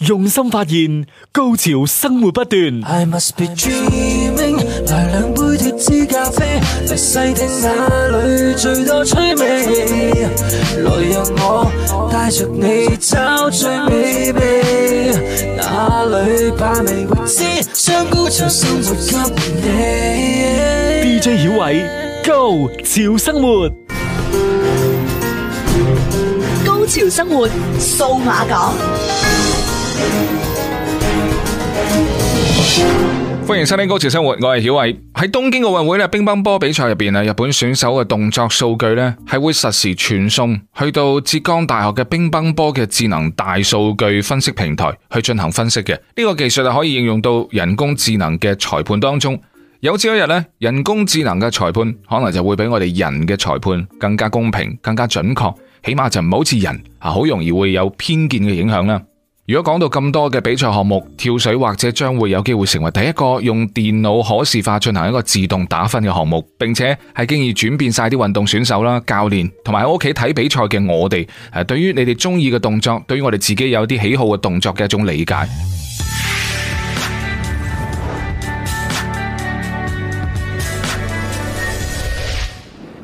用心發現，高潮生活不斷。I m 杯脫脂咖啡，嚟細聽那裏最多趣味。來讓我帶着你找最美味，Baby, 哪裏把味未知，將高潮生活給你。DJ 小偉，Go，潮生活，高潮生活，數碼港。歡迎收聽《高潮生活》我曉，我係曉偉。喺東京奧運會咧，乒乓波比賽入邊啊，日本選手嘅動作數據咧係會實時傳送去到浙江大學嘅乒乓波嘅智能大數據分析平台去進行分析嘅。呢、這個技術係可以應用到人工智能嘅裁判當中。有朝一日咧，人工智能嘅裁判可能就會比我哋人嘅裁判更加公平、更加準確，起碼就唔好似人啊，好容易會有偏見嘅影響啦。如果講到咁多嘅比賽項目，跳水或者將會有機會成為第一個用電腦可視化進行一個自動打分嘅項目，並且係經已轉變晒啲運動選手啦、教練同埋喺屋企睇比賽嘅我哋，誒，對於你哋中意嘅動作，對於我哋自己有啲喜好嘅動作嘅一種理解。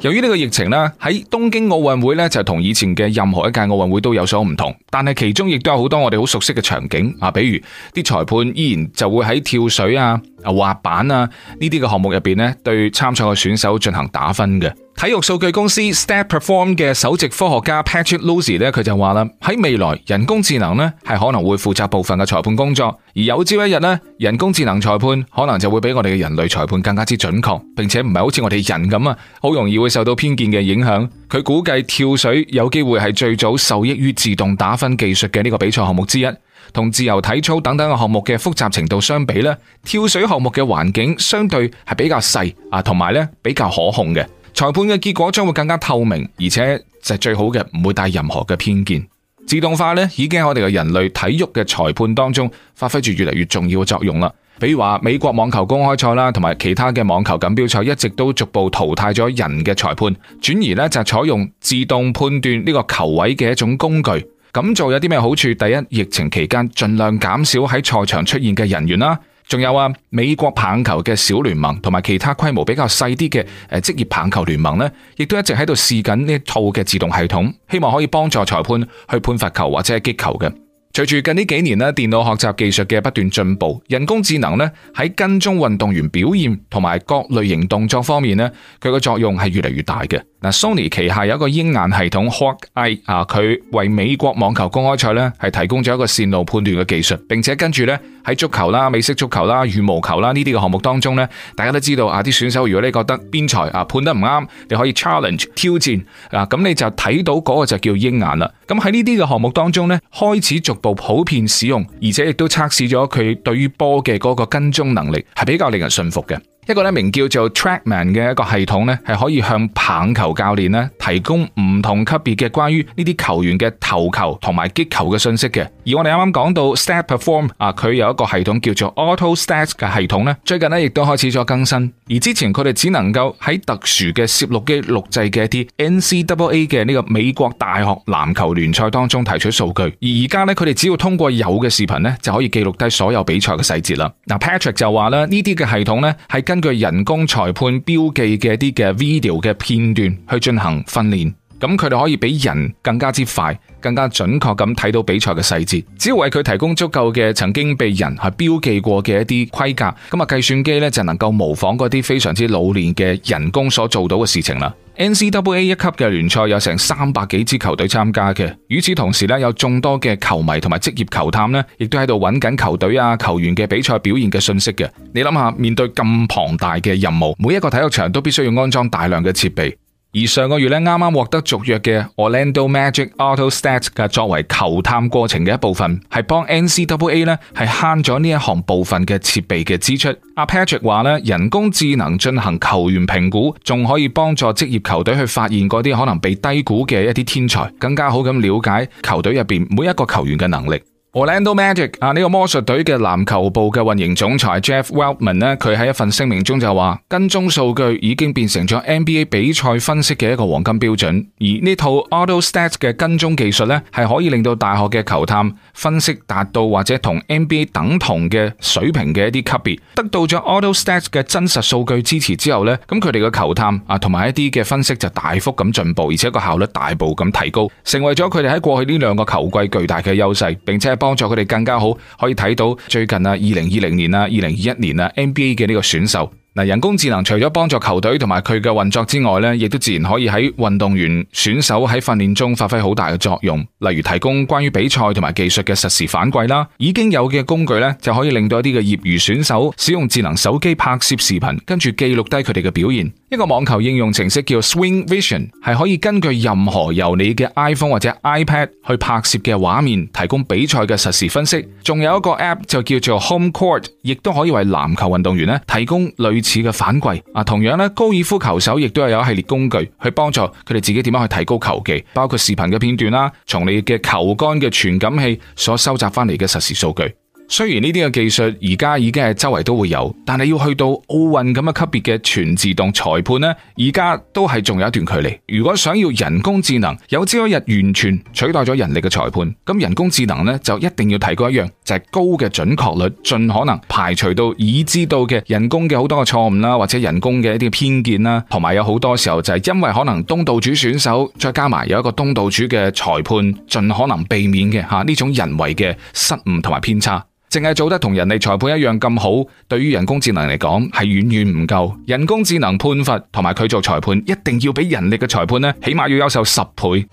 由於呢個疫情呢，喺東京奧運會呢，就同以前嘅任何一屆奧運會都有所唔同，但係其中亦都有好多我哋好熟悉嘅場景啊，比如啲裁判依然就會喺跳水啊。啊、滑板啊呢啲嘅項目入邊呢，對參賽嘅選手進行打分嘅。體育數據公司 Stats Perform 嘅首席科學家 Patrick Lucey 咧，佢就話啦：喺未來，人工智能呢係可能會負責部分嘅裁判工作，而有朝一日呢，人工智能裁判可能就會比我哋嘅人類裁判更加之準確，並且唔係好似我哋人咁啊，好容易會受到偏見嘅影響。佢估計跳水有機會係最早受益於自動打分技術嘅呢個比賽項目之一。同自由體操等等嘅項目嘅複雜程度相比呢，跳水項目嘅環境相對係比較細啊，同埋呢比較可控嘅，裁判嘅結果將會更加透明，而且就係最好嘅，唔會帶任何嘅偏見。自動化呢已經喺我哋嘅人類體育嘅裁判當中發揮住越嚟越重要嘅作用啦。比如話美國網球公開賽啦，同埋其他嘅網球錦標賽一直都逐步淘汰咗人嘅裁判，轉而呢就採用自動判斷呢個球位嘅一種工具。咁做有啲咩好處？第一，疫情期間盡量減少喺賽場出現嘅人員啦。仲有啊，美國棒球嘅小聯盟同埋其他規模比較細啲嘅誒職業棒球聯盟呢，亦都一直喺度試緊呢套嘅自動系統，希望可以幫助裁判去判罰球或者係擊球嘅。隨住近呢幾年呢，電腦學習技術嘅不斷進步，人工智能呢喺跟蹤運動員表現同埋各類型動作方面呢，佢嘅作用係越嚟越大嘅。Sony 旗下有一個鷹眼系統，Hawk Eye 啊，佢為美國網球公開賽咧係提供咗一個線路判斷嘅技術，並且跟住咧喺足球啦、美式足球啦、羽毛球啦呢啲嘅項目當中咧，大家都知道啊，啲選手如果你覺得邊裁啊判得唔啱，你可以 challenge 挑戰啊，咁你就睇到嗰個就叫鷹眼啦。咁喺呢啲嘅項目當中咧，開始逐步普遍使用，而且亦都測試咗佢對於波嘅嗰個跟蹤能力係比較令人信服嘅。一個咧名叫做 Trackman 嘅一個系統咧，係可以向棒球教練咧提供唔同級別嘅關於呢啲球員嘅投球同埋擊球嘅信息嘅。而我哋啱啱講到 Stat Perform 啊，佢有一個系統叫做 Auto Stats 嘅系統咧，最近咧亦都開始咗更新。而之前佢哋只能夠喺特殊嘅攝錄機錄製嘅一啲 NCAA 嘅呢個美國大學籃球聯賽當中提取數據，而而家咧佢哋只要通過有嘅視頻咧就可以記錄低所有比賽嘅細節啦。嗱、啊、Patrick 就話啦，呢啲嘅系統咧係。根據人工裁判標記嘅一啲嘅 video 嘅片段去進行訓練。咁佢哋可以比人更加之快、更加準確咁睇到比賽嘅細節。只要為佢提供足夠嘅曾經被人係標記過嘅一啲規格，咁啊計算機呢，就能夠模仿嗰啲非常之老練嘅人工所做到嘅事情啦。NCAA 一級嘅聯賽有成三百幾支球隊參加嘅，與此同時呢，有眾多嘅球迷同埋職業球探呢，亦都喺度揾緊球隊啊、球員嘅比賽表現嘅信息嘅。你諗下，面對咁龐大嘅任務，每一個體育場都必須要安裝大量嘅設備。而上個月咧，啱啱獲得續約嘅 Orlando Magic Auto Stats 嘅，作為球探過程嘅一部分，係幫 NCAA 咧係慳咗呢一行部分嘅設備嘅支出。阿 Patrick 話咧，人工智能進行球員評估，仲可以幫助職業球隊去發現嗰啲可能被低估嘅一啲天才，更加好咁了解球隊入面每一個球員嘅能力。Orlando Magic 啊呢，這個魔術隊嘅籃球部嘅運營總裁 Jeff Weltman 咧，佢喺一份聲明中就話，跟蹤數據已經變成咗 NBA 比賽分析嘅一個黃金標準，而呢套 Auto Stats 嘅跟蹤技術呢，係可以令到大學嘅球探分析達到或者同 NBA 等同嘅水平嘅一啲級別。得到咗 Auto Stats 嘅真實數據支持之後呢，咁佢哋嘅球探啊同埋一啲嘅分析就大幅咁進步，而且個效率大步咁提高，成為咗佢哋喺過去呢兩個球季巨大嘅優勢，並且幫助佢哋更加好可以睇到最近啊，二零二零年啊，二零二一年啊，NBA 嘅呢個選手嗱，人工智能除咗幫助球隊同埋佢嘅運作之外咧，亦都自然可以喺運動員選手喺訓練中發揮好大嘅作用，例如提供關於比賽同埋技術嘅實時反饋啦。已經有嘅工具咧，就可以令到一啲嘅業餘選手使用智能手機拍攝視頻，跟住記錄低佢哋嘅表現。一個網球應用程式叫 Swing Vision，係可以根據任何由你嘅 iPhone 或者 iPad 去拍攝嘅畫面，提供比賽嘅實時分析。仲有一個 App 就叫做 Home Court，亦都可以為籃球運動員呢提供類似嘅反饋。啊，同樣呢，高爾夫球手亦都有一系列工具去幫助佢哋自己點樣去提高球技，包括視頻嘅片段啦，從你嘅球桿嘅傳感器所收集翻嚟嘅實時數據。雖然呢啲嘅技術而家，已經係周圍都會有，但係要去到奧運咁嘅級別嘅全自動裁判呢，而家都係仲有一段距離。如果想要人工智能有朝一日完全取代咗人力嘅裁判，咁人工智能呢就一定要提高一樣，就係高嘅準確率，盡可能排除到已知道嘅人工嘅好多嘅錯誤啦，或者人工嘅一啲偏見啦，同埋有好多時候就係因為可能東道主選手再加埋有一個東道主嘅裁判，盡可能避免嘅吓呢種人為嘅失誤同埋偏差。淨係做得同人力裁判一樣咁好，對於人工智能嚟講係遠遠唔夠。人工智能判罰同埋佢做裁判，一定要比人力嘅裁判呢，起碼要優秀十倍。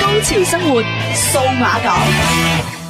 高潮生活，數碼港。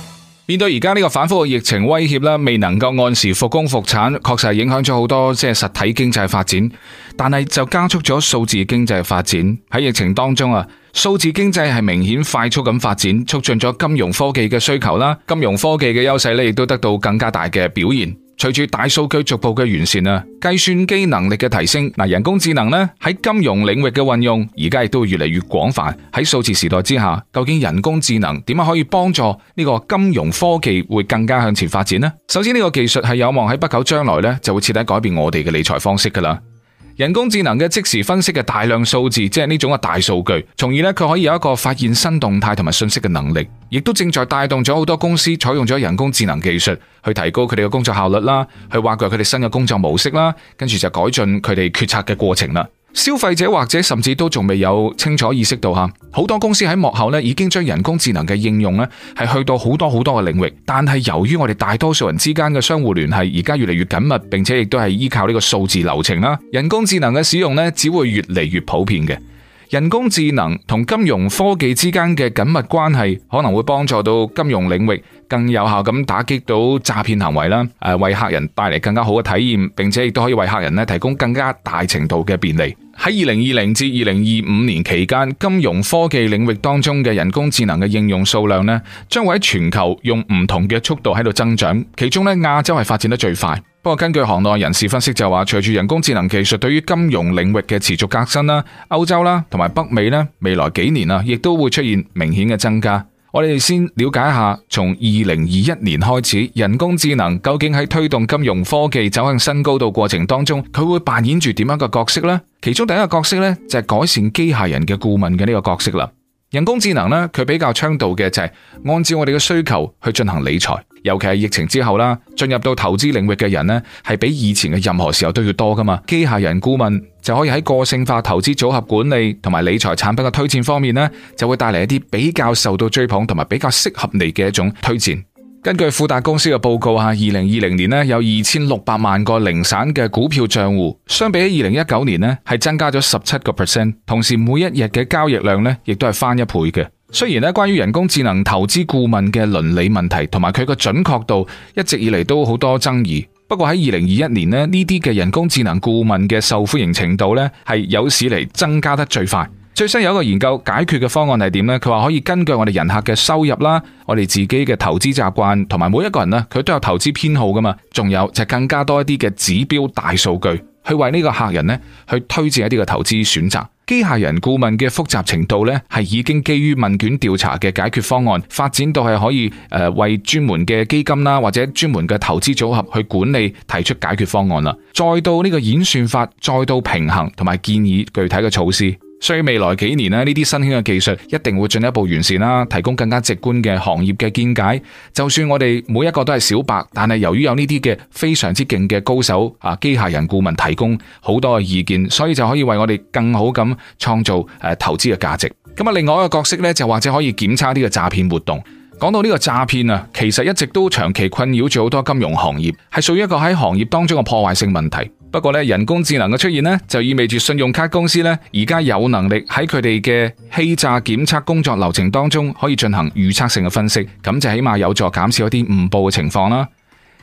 面對而家呢個反覆嘅疫情威脅啦，未能夠按時復工復產，確實係影響咗好多即係實體經濟發展，但係就加速咗數字經濟嘅發展。喺疫情當中啊，數字經濟係明顯快速咁發展，促進咗金融科技嘅需求啦，金融科技嘅優勢咧亦都得到更加大嘅表現。隨住大數據逐步嘅完善啊，計算機能力嘅提升，嗱人工智能呢喺金融領域嘅運用，而家亦都越嚟越廣泛。喺數字時代之下，究竟人工智能點樣可以幫助呢個金融科技會更加向前發展呢？首先呢個技術係有望喺不久將來呢就會徹底改變我哋嘅理財方式㗎喇。人工智能嘅即時分析嘅大量數字，即係呢種嘅大數據，從而呢，佢可以有一個發現新動態同埋信息嘅能力，亦都正在帶動咗好多公司採用咗人工智能技術去提高佢哋嘅工作效率啦，去挖掘佢哋新嘅工作模式啦，跟住就改進佢哋決策嘅過程啦。消費者或者甚至都仲未有清楚意識到吓，好多公司喺幕後咧已經將人工智能嘅應用咧係去到好多好多嘅領域，但係由於我哋大多數人之間嘅相互聯繫而家越嚟越緊密，並且亦都係依靠呢個數字流程啦，人工智能嘅使用咧只會越嚟越普遍嘅。人工智能同金融科技之間嘅緊密關係，可能會幫助到金融領域更有效咁打擊到詐騙行為啦。誒，為客人帶嚟更加好嘅體驗，並且亦都可以為客人呢提供更加大程度嘅便利。喺二零二零至二零二五年期間，金融科技領域當中嘅人工智能嘅應用數量呢，將會喺全球用唔同嘅速度喺度增長。其中呢亞洲係發展得最快。不過根據行內人士分析就話，隨住人工智能技術對於金融領域嘅持續革新啦，歐洲啦同埋北美呢未來幾年啊，亦都會出現明顯嘅增加。我哋先了解一下，從二零二一年開始，人工智能究竟喺推動金融科技走向新高度過程當中，佢會扮演住點樣一個角色呢？其中第一個角色呢，就係、是、改善機械人嘅顧問嘅呢個角色啦。人工智能呢，佢比較倡導嘅就係按照我哋嘅需求去進行理財，尤其係疫情之後啦，進入到投資領域嘅人呢，係比以前嘅任何時候都要多㗎嘛。機械人顧問就可以喺個性化投資組合管理同埋理財產品嘅推薦方面呢，就會帶嚟一啲比較受到追捧同埋比較適合你嘅一種推薦。根據富達公司嘅報告吓，二零二零年呢有二千六百萬個零散嘅股票賬戶，相比喺二零一九年呢係增加咗十七個 percent，同時每一日嘅交易量呢亦都係翻一倍嘅。雖然呢關於人工智能投資顧問嘅倫理問題同埋佢個準確度一直以嚟都好多爭議，不過喺二零二一年呢呢啲嘅人工智能顧問嘅受歡迎程度呢係有史嚟增加得最快。最新有一個研究解決嘅方案係點呢？佢話可以根據我哋人客嘅收入啦，我哋自己嘅投資習慣同埋每一個人呢，佢都有投資偏好噶嘛。仲有就更加多一啲嘅指標大數據，去為呢個客人呢去推薦一啲嘅投資選擇。機械人顧問嘅複雜程度呢，係已經基於問卷調查嘅解決方案發展到係可以誒為專門嘅基金啦，或者專門嘅投資組合去管理提出解決方案啦。再到呢個演算法，再到平衡同埋建議具體嘅措施。所以未來幾年呢，呢啲新興嘅技術一定會進一步完善啦，提供更加直觀嘅行業嘅見解。就算我哋每一個都係小白，但係由於有呢啲嘅非常之勁嘅高手啊，機械人顧問提供好多嘅意見，所以就可以為我哋更好咁創造誒投資嘅價值。咁啊，另外一個角色呢，就或者可以檢查呢個詐騙活動。講到呢個詐騙啊，其實一直都長期困擾住好多金融行業，係屬於一個喺行業當中嘅破壞性問題。不過咧，人工智能嘅出現呢，就意味住信用卡公司呢，而家有能力喺佢哋嘅欺詐檢測工作流程當中，可以進行預測性嘅分析，咁就起碼有助減少一啲誤報嘅情況啦。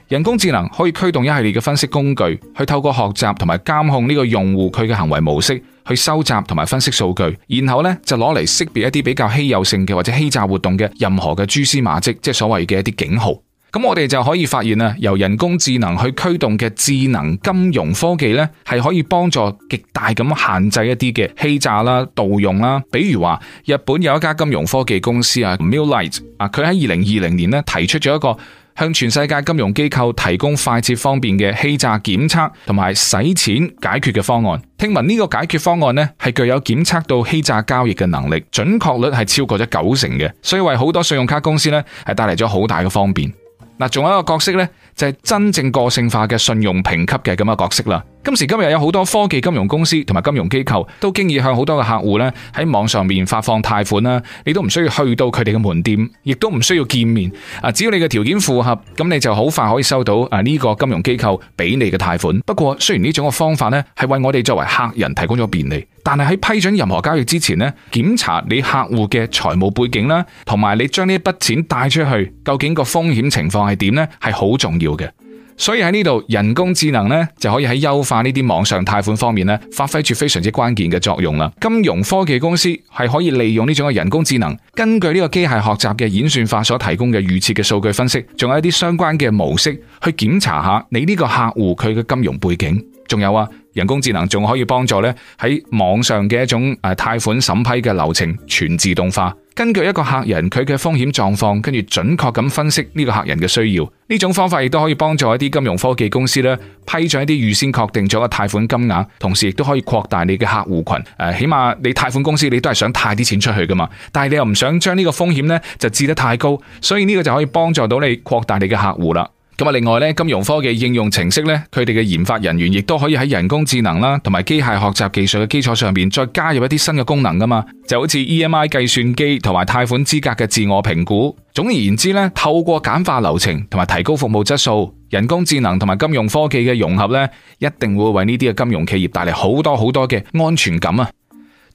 人工智能可以驅動一系列嘅分析工具，去透過學習同埋監控呢個用戶佢嘅行為模式，去收集同埋分析數據，然後呢就攞嚟識別一啲比較稀有性嘅或者欺詐活動嘅任何嘅蛛絲馬跡，即係所謂嘅一啲警號。咁我哋就可以發現啊，由人工智能去驅動嘅智能金融科技呢，係可以幫助極大咁限制一啲嘅欺詐啦、盜用啦。比如話，日本有一家金融科技公司啊，Milllight 啊，佢喺二零二零年呢提出咗一個向全世界金融機構提供快捷方便嘅欺詐檢測同埋洗錢解決嘅方案。聽聞呢個解決方案呢，係具有檢測到欺詐交易嘅能力，準確率係超過咗九成嘅，所以為好多信用卡公司呢，係帶嚟咗好大嘅方便。嗱，仲有一個角色呢，就係、是、真正個性化嘅信用評級嘅咁一個角色啦。今時今日有好多科技金融公司同埋金融機構都經已向好多嘅客戶呢喺網上面發放貸款啦，你都唔需要去到佢哋嘅門店，亦都唔需要見面。啊，只要你嘅條件符合，咁你就好快可以收到啊呢個金融機構俾你嘅貸款。不過雖然呢種嘅方法呢係為我哋作為客人提供咗便利。但係喺批准任何交易之前咧，檢查你客戶嘅財務背景啦，同埋你將呢一筆錢貸出去，究竟個風險情況係點呢？係好重要嘅。所以喺呢度，人工智能呢就可以喺優化呢啲網上貸款方面呢發揮住非常之關鍵嘅作用啦。金融科技公司係可以利用呢種嘅人工智能，根據呢個機械學習嘅演算法所提供嘅預設嘅數據分析，仲有一啲相關嘅模式，去檢查下你呢個客戶佢嘅金融背景，仲有啊。人工智能仲可以幫助咧喺網上嘅一種誒貸款審批嘅流程全自動化，根據一個客人佢嘅風險狀況，跟住準確咁分析呢個客人嘅需要。呢種方法亦都可以幫助一啲金融科技公司咧批准一啲預先確定咗嘅貸款金額，同時亦都可以擴大你嘅客戶群。誒、啊，起碼你貸款公司你都係想貸啲錢出去噶嘛，但係你又唔想將呢個風險咧就置得太高，所以呢個就可以幫助到你擴大你嘅客戶啦。咁另外咧，金融科技應用程式咧，佢哋嘅研發人員亦都可以喺人工智能啦，同埋機械學習技術嘅基礎上面再加入一啲新嘅功能㗎嘛，就好似 EMI 計算機同埋貸款資格嘅自我評估。總而言之咧，透過簡化流程同埋提高服務質素，人工智能同埋金融科技嘅融合咧，一定會為呢啲嘅金融企業帶嚟好多好多嘅安全感啊！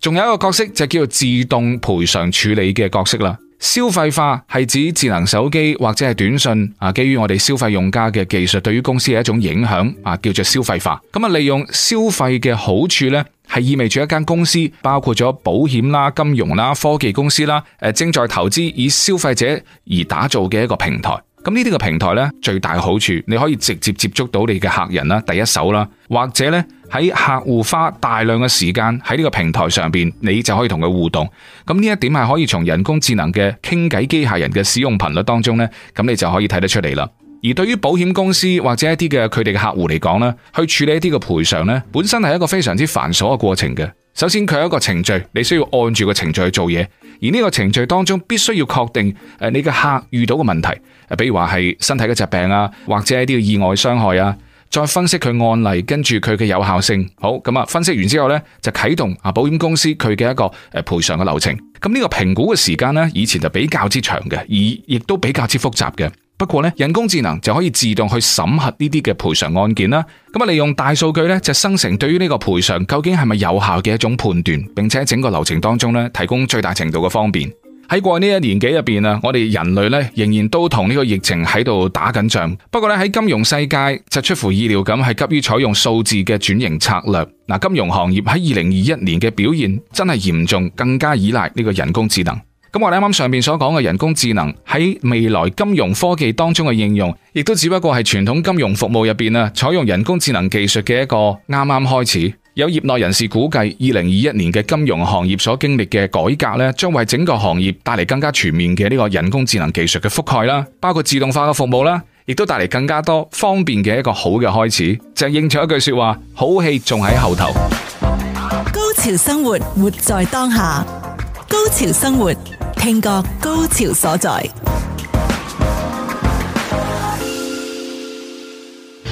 仲有一個角色就叫做自動賠償處理嘅角色啦。消費化係指智能手機或者係短信啊，基于我哋消費用家嘅技術，對於公司嘅一種影響啊，叫做消費化。咁啊，利用消費嘅好處呢，係意味住一間公司，包括咗保險啦、金融啦、科技公司啦，誒，正在投資以消費者而打造嘅一個平台。咁呢啲個平台呢，最大嘅好處，你可以直接接觸到你嘅客人啦，第一手啦，或者呢。喺客戶花大量嘅時間喺呢個平台上邊，你就可以同佢互動。咁呢一點係可以從人工智能嘅傾偈機械人嘅使用頻率當中呢，咁你就可以睇得出嚟啦。而對於保險公司或者一啲嘅佢哋嘅客戶嚟講呢，去處理一啲嘅賠償呢，本身係一個非常之繁瑣嘅過程嘅。首先佢有一個程序，你需要按住個程序去做嘢，而呢個程序當中必須要確定誒你嘅客遇到嘅問題，比如話係身體嘅疾病啊，或者一啲意外傷害啊。再分析佢案例，跟住佢嘅有效性。好咁啊，分析完之後呢，就啟動啊保險公司佢嘅一個誒賠償嘅流程。咁呢個評估嘅時間呢，以前就比較之長嘅，而亦都比較之複雜嘅。不過呢，人工智能就可以自動去審核呢啲嘅賠償案件啦。咁啊，利用大數據呢，就生成對於呢個賠償究竟係咪有效嘅一種判斷，並且整個流程當中呢，提供最大程度嘅方便。喺過呢一年幾入邊，我哋人類仍然都同呢個疫情喺度打緊仗。不過咧，喺金融世界就出乎意料咁係急於採用數字嘅轉型策略。嗱，金融行業喺二零二一年嘅表現真係嚴重更加依賴呢個人工智能。咁我哋啱啱上面所講嘅人工智能喺未來金融科技當中嘅應用，亦都只不過係傳統金融服務入面啊採用人工智能技術嘅一個啱啱開始。有業內人士估計，二零二一年嘅金融行業所經歷嘅改革咧，將為整個行業帶嚟更加全面嘅呢個人工智能技術嘅覆蓋啦，包括自動化嘅服務啦，亦都帶嚟更加多方便嘅一個好嘅開始。就應咗一句說話，好戲仲喺後頭。高潮生活，活在當下；高潮生活，聽覺高潮所在。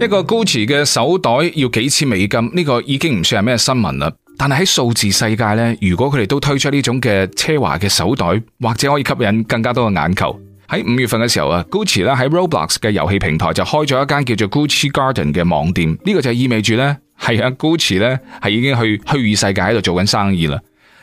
一個 Gucci 嘅手袋要幾千美金，呢個已經唔算係咩新聞啦。但係喺數字世界呢，如果佢哋都推出呢種嘅奢華嘅手袋，或者可以吸引更加多嘅眼球。喺五月份嘅時候啊，Gucci 呢喺 Roblox 嘅遊戲平台就開咗一間叫做 Gucci Garden 嘅網店，呢個就意味住呢，係啊 Gucci 呢係已經去虛擬世界喺度做緊生意啦。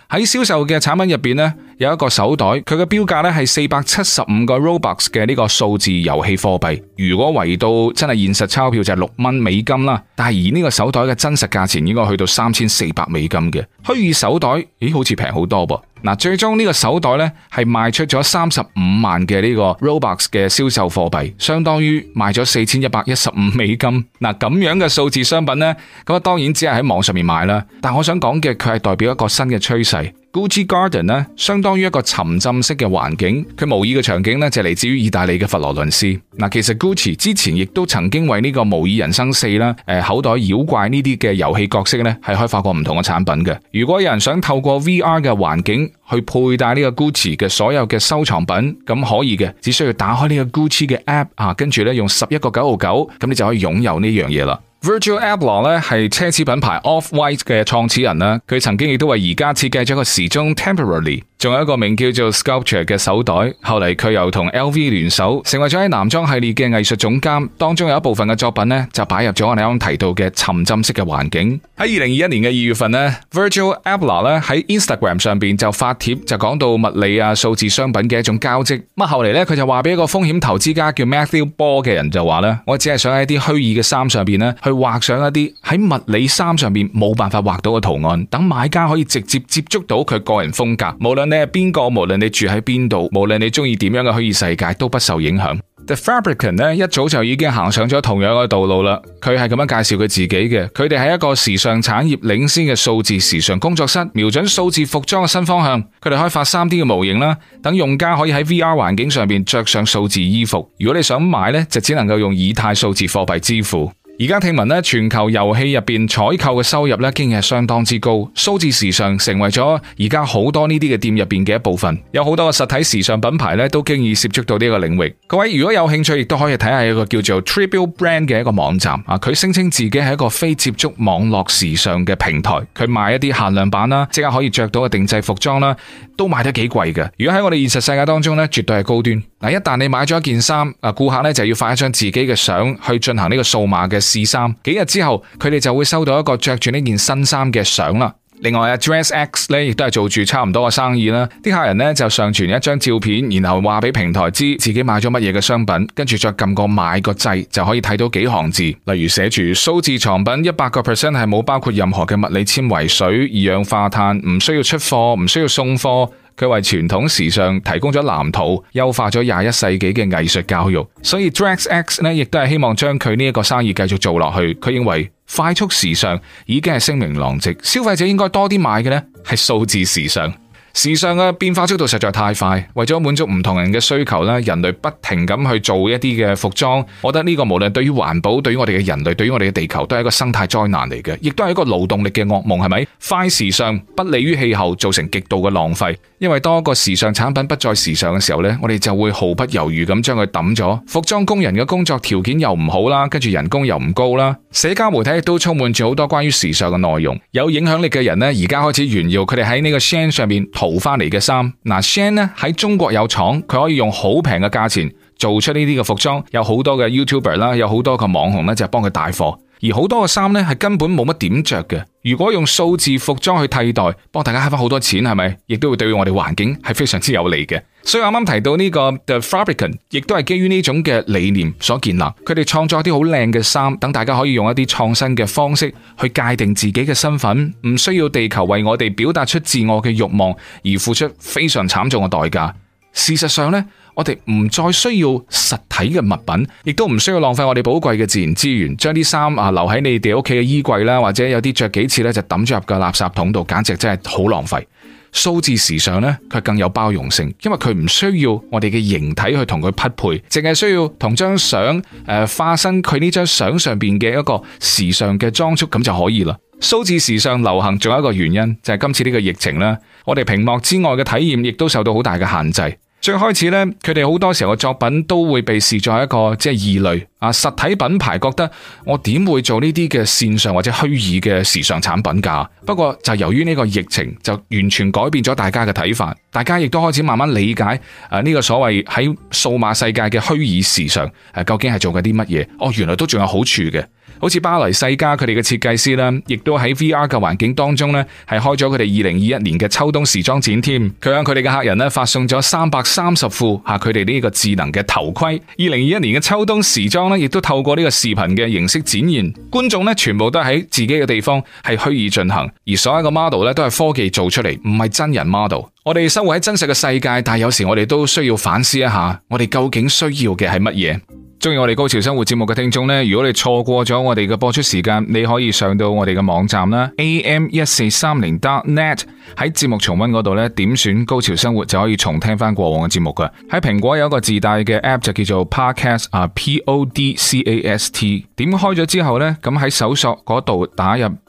喺銷售嘅產品入邊呢。有一個手袋，佢嘅標價咧係四百七十五個 Robux 嘅呢個數字遊戲貨幣。如果圍到真係現實鈔票就係六蚊美金啦，但係而呢個手袋嘅真實價錢應該去到三千四百美金嘅虛擬手袋，咦好似平好多噃？嗱，最終呢個手袋咧係賣出咗三十五萬嘅呢個 Robux 嘅銷售貨幣，相當於賣咗四千一百一十五美金。嗱，咁樣嘅數字商品咧，咁啊當然只係喺網上面賣啦。但係我想講嘅，佢係代表一個新嘅趨勢。Gucci Garden 呢，相當於一個沉浸式嘅環境，佢模擬嘅場景呢，就嚟自於意大利嘅佛羅倫斯。嗱，其實 Gucci 之前亦都曾經為呢個模擬人生四啦，誒，口袋妖怪呢啲嘅遊戲角色呢，係開發過唔同嘅產品嘅。如果有人想透過 VR 嘅環境去佩戴呢個 Gucci 嘅所有嘅收藏品，咁可以嘅，只需要打開呢個 Gucci 嘅 App 啊，跟住呢用十一個九毫九，咁你就可以擁有呢樣嘢啦。Virgil Abloh 咧係奢侈品牌 Off White 嘅創始人啦，佢曾經亦都為而家設計咗個時鐘 Temporarily，仲有一個名叫做 Sculpture 嘅手袋。後嚟佢又同 LV 聯手，成為咗喺男裝系列嘅藝術總監。當中有一部分嘅作品呢，就擺入咗我哋啱提到嘅沉浸式嘅環境。喺二零二一年嘅二月份呢，Virgil Abloh 咧喺 Instagram 上邊就發帖就講到物理啊、數字商品嘅一種交織。乜後嚟咧佢就話俾一個風險投資家叫 Matthew Ball 嘅人就話呢，我只係想喺啲虛擬嘅衫上邊咧去畫上一啲喺物理衫上面冇辦法畫到嘅圖案，等買家可以直接接觸到佢個人風格。無論你係邊個，無論你住喺邊度，無論你中意點樣嘅虛擬世界，都不受影響。The Fabricant 一早就已經行上咗同樣嘅道路啦。佢係咁樣介紹佢自己嘅。佢哋係一個時尚產業領先嘅數字時尚工作室，瞄準數字服裝嘅新方向。佢哋開發三 D 嘅模型啦，等用家可以喺 VR 環境上面着上數字衣服。如果你想買呢，就只能夠用以太數字貨幣支付。而家聽聞咧，全球遊戲入邊採購嘅收入咧，經已係相當之高。數字時尚成為咗而家好多呢啲嘅店入邊嘅一部分，有好多嘅實體時尚品牌咧，都經已涉足到呢個領域。各位如果有興趣，亦都可以睇下一個叫做 Tribute Brand 嘅一個網站啊，佢聲稱自己係一個非接觸網絡時尚嘅平台，佢賣一啲限量版啦，即刻可以着到嘅定製服裝啦，都賣得幾貴嘅。如果喺我哋現實世界當中咧，絕對係高端嗱。一旦你買咗一件衫，啊顧客咧就要發一張自己嘅相去進行呢個數碼嘅。試衫，幾日之後佢哋就會收到一個着住呢件新衫嘅相啦。另外啊，dress x 咧亦都係做住差唔多嘅生意啦。啲客人呢就上傳一張照片，然後話俾平台知自己買咗乜嘢嘅商品，跟住再撳個買個掣，就可以睇到幾行字，例如寫住數字藏品一百個 percent 係冇包括任何嘅物理纖維水、二氧化碳，唔需要出貨，唔需要送貨。佢為傳統時尚提供咗藍圖，優化咗廿一世紀嘅藝術教育，所以 Drax X 呢亦都係希望將佢呢一個生意繼續做落去。佢認為快速時尚已經係聲名狼藉，消費者應該多啲買嘅呢係數字時尚。時尚嘅變化速度實在太快，為咗滿足唔同人嘅需求咧，人類不停咁去做一啲嘅服裝。我覺得呢個無論對於環保、對於我哋嘅人類、對於我哋嘅地球，都係一個生態災難嚟嘅，亦都係一個勞動力嘅噩夢，係咪？快時尚不利於氣候，造成極度嘅浪費。因為當一個時尚產品不再時尚嘅時候呢，我哋就會毫不猶豫咁將佢抌咗。服裝工人嘅工作條件又唔好啦，跟住人工又唔高啦。社交媒體亦都充滿住好多關於時尚嘅內容。有影響力嘅人呢，而家開始炫耀佢哋喺呢個 SHEIN 上面。淘翻嚟嘅衫，嗱，Shan 咧，喺中國有廠，佢可以用好平嘅價錢做出呢啲嘅服裝，有好多嘅 YouTuber 啦，有好多嘅網紅咧，就係幫佢帶貨，而好多嘅衫咧係根本冇乜點着嘅。如果用數字服裝去替代，幫大家慳翻好多錢，係咪？亦都會對我哋環境係非常之有利嘅。所以啱啱提到呢個 The Fabricant，亦都係基於呢種嘅理念所建立。佢哋創作一啲好靚嘅衫，等大家可以用一啲創新嘅方式去界定自己嘅身份，唔需要地球為我哋表達出自我嘅欲望而付出非常慘重嘅代價。事實上呢，我哋唔再需要實體嘅物品，亦都唔需要浪費我哋寶貴嘅自然資源，將啲衫啊留喺你哋屋企嘅衣櫃啦，或者有啲着幾次呢就抌咗入個垃圾桶度，簡直真係好浪費。數字時尚呢，卻更有包容性，因為佢唔需要我哋嘅形體去同佢匹配，淨係需要同張相誒化身佢呢張相上邊嘅一個時尚嘅裝束，咁就可以啦。數字時尚流行仲有一個原因就係、是、今次呢個疫情啦，我哋屏幕之外嘅體驗亦都受到好大嘅限制。最開始咧，佢哋好多時候嘅作品都會被視作一個即係異類啊！實體品牌覺得我點會做呢啲嘅線上或者虛擬嘅時尚產品噶？不過就由於呢個疫情，就完全改變咗大家嘅睇法。大家亦都開始慢慢理解誒，呢個所謂喺數碼世界嘅虛擬時尚誒，究竟係做緊啲乜嘢？哦，原來都仲有好處嘅。好似巴黎世家佢哋嘅設計師啦，亦都喺 VR 嘅環境當中呢，係開咗佢哋二零二一年嘅秋冬時裝展添。佢向佢哋嘅客人呢，發送咗三百三十副吓佢哋呢個智能嘅頭盔。二零二一年嘅秋冬時裝呢，亦都透過呢個視頻嘅形式展現。觀眾呢，全部都喺自己嘅地方係虛擬進行，而所有嘅 model 呢，都係科技做出嚟，唔係真人 model。我哋生活喺真實嘅世界，但係有時我哋都需要反思一下，我哋究竟需要嘅係乜嘢？中意我哋高潮生活節目嘅聽眾呢，如果你錯過咗我哋嘅播出時間，你可以上到我哋嘅網站啦，am 一四三零 dot net 喺節目重温嗰度呢，點選高潮生活就可以重聽翻過往嘅節目噶。喺蘋果有一個自帶嘅 app 就叫做 Podcast 啊，P O D C A S T，點開咗之後呢，咁喺搜索嗰度打入。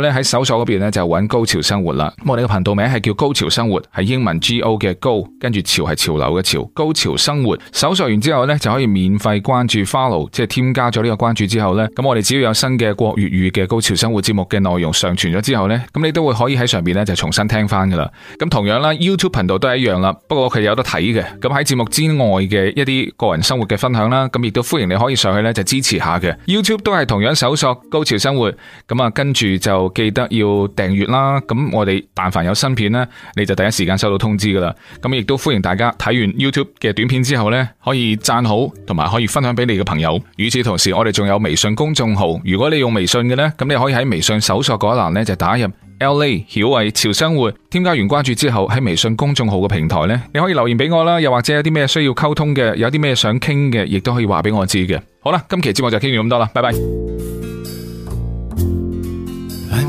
咧喺搜索嗰邊咧就揾高潮生活啦。咁我哋嘅頻道名係叫高潮生活，係英文 G O 嘅高，跟住潮係潮流嘅潮，高潮生活。搜索完之後呢，就可以免費關注 follow，即係添加咗呢個關注之後呢。咁我哋只要有新嘅國粵語嘅高潮生活節目嘅內容上傳咗之後呢，咁你都會可以喺上面呢就重新聽翻噶啦。咁同樣啦，YouTube 頻道都係一樣啦，不過佢有得睇嘅。咁喺節目之外嘅一啲個人生活嘅分享啦，咁亦都歡迎你可以上去呢就支持下嘅。YouTube 都係同樣搜索高潮生活，咁啊跟住就。記得要訂閱啦，咁我哋但凡有新片呢，你就第一時間收到通知噶啦。咁亦都歡迎大家睇完 YouTube 嘅短片之後呢，可以讚好，同埋可以分享俾你嘅朋友。與此同時，我哋仲有微信公眾號，如果你用微信嘅呢，咁你可以喺微信搜索嗰一欄呢，就打入 LA 曉慧潮生活，添加完關注之後喺微信公眾號嘅平台呢，你可以留言俾我啦，又或者有啲咩需要溝通嘅，有啲咩想傾嘅，亦都可以話俾我知嘅。好啦，今期節目就傾完咁多啦，拜拜。